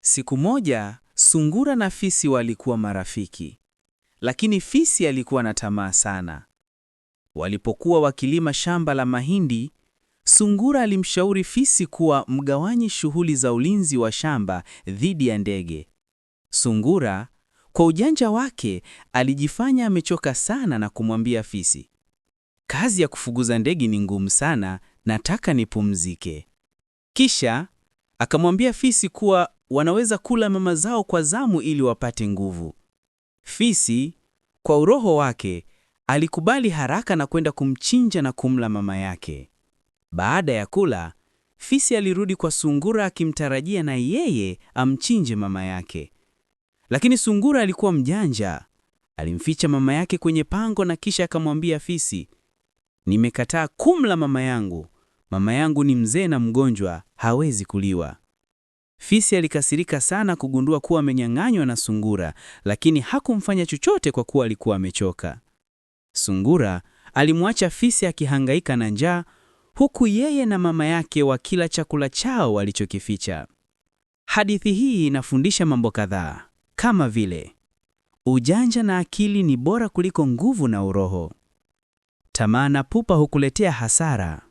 Siku moja, sungura na fisi walikuwa marafiki, lakini fisi alikuwa na tamaa sana. Walipokuwa wakilima shamba la mahindi, sungura alimshauri fisi kuwa mgawanyi shughuli za ulinzi wa shamba dhidi ya ndege. Sungura kwa ujanja wake alijifanya amechoka sana na kumwambia fisi, kazi ya kufuguza ndege ni ngumu sana, nataka nipumzike. Kisha akamwambia fisi kuwa wanaweza kula mama zao kwa zamu ili wapate nguvu. Fisi kwa uroho wake alikubali haraka na kwenda kumchinja na kumla mama yake. Baada ya kula, fisi alirudi kwa sungura akimtarajia na yeye amchinje mama yake, lakini sungura alikuwa mjanja. Alimficha mama yake kwenye pango na kisha akamwambia fisi, nimekataa kumla mama yangu. Mama yangu ni mzee na mgonjwa, hawezi kuliwa. Fisi alikasirika sana kugundua kuwa amenyang'anywa na Sungura, lakini hakumfanya chochote kwa kuwa alikuwa amechoka. Sungura alimwacha Fisi akihangaika na njaa, huku yeye na mama yake wakila chakula chao walichokificha. Hadithi hii inafundisha mambo kadhaa kama vile ujanja na akili ni bora kuliko nguvu na uroho. Tamaa na pupa hukuletea hasara.